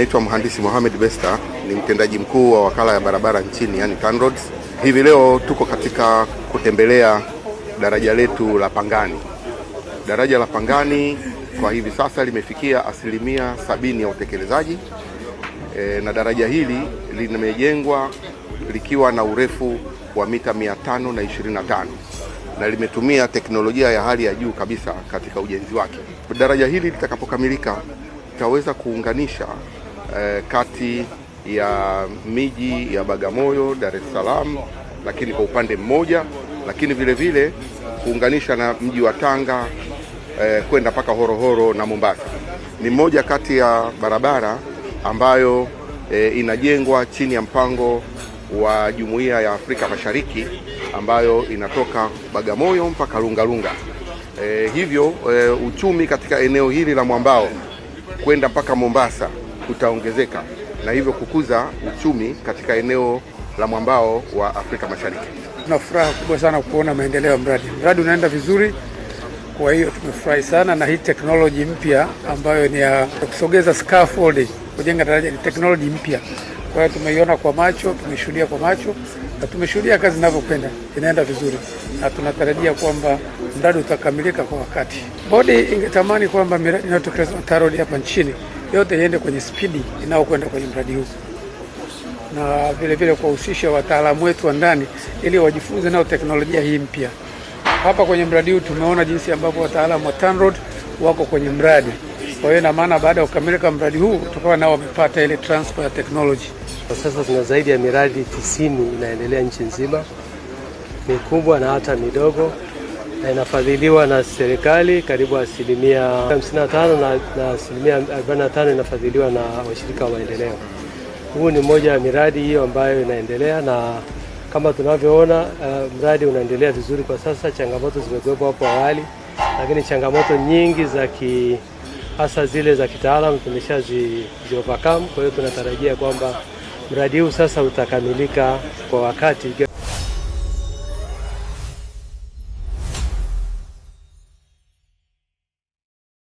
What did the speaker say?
Naitwa mhandisi Mohamed Besta, ni mtendaji mkuu wa wakala ya barabara nchini, yani TANROADS. Hivi leo tuko katika kutembelea daraja letu la Pangani. Daraja la Pangani kwa hivi sasa limefikia asilimia sabini ya utekelezaji e, na daraja hili limejengwa likiwa na urefu wa mita 525 na limetumia teknolojia ya hali ya juu kabisa katika ujenzi wake. Daraja hili litakapokamilika itaweza kuunganisha eh, kati ya miji ya Bagamoyo, Dar es Salaam, lakini kwa upande mmoja, lakini vile vile kuunganisha na mji wa Tanga eh, kwenda mpaka Horohoro na Mombasa. Ni moja kati ya barabara ambayo eh, inajengwa chini ya mpango wa Jumuiya ya Afrika Mashariki ambayo inatoka Bagamoyo mpaka Lungalunga. Eh, hivyo eh, uchumi katika eneo hili la mwambao kwenda mpaka Mombasa kutaongezeka na hivyo kukuza uchumi katika eneo la mwambao wa Afrika Mashariki. Tuna furaha kubwa sana kuona maendeleo ya mradi. Mradi unaenda vizuri, kwa hiyo tumefurahi sana na hii teknoloji mpya ambayo ni ya kusogeza scaffolding, kujenga daraja, ni teknoloji mpya. Kwa hiyo tumeiona kwa macho, tumeshuhudia kwa macho na tumeshuhudia kazi inavyokwenda, inaenda vizuri, na tunatarajia kwamba mradi utakamilika kwa wakati. Bodi ingetamani kwamba miradi inayotekelezwa TAROADS hapa nchini yote iende kwenye spidi inayokwenda kwenye mradi huu, na vilevile kuwahusisha wataalamu wetu wa ndani ili wajifunze nao teknolojia hii mpya. Hapa kwenye mradi huu tumeona jinsi ambavyo wataalamu wa TANROAD wako kwenye mradi. Kwa hiyo ina maana baada ya kukamilika mradi huu tukawa nao wamepata ile transfer ya technology. Kwa sasa tuna zaidi ya miradi tisini inaendelea nchi nzima, mikubwa na hata midogo inafadhiliwa na serikali karibu asilimia 55 na, asilimia 45 inafadhiliwa na washirika wa maendeleo. Huu ni moja ya miradi hiyo ambayo inaendelea na kama tunavyoona uh, mradi unaendelea vizuri kwa sasa. Changamoto zimekuwepo hapo awali, lakini changamoto nyingi za ki hasa zile za kitaalam tumeshazi overcome. Kwa hiyo tunatarajia kwamba mradi huu sasa utakamilika kwa wakati.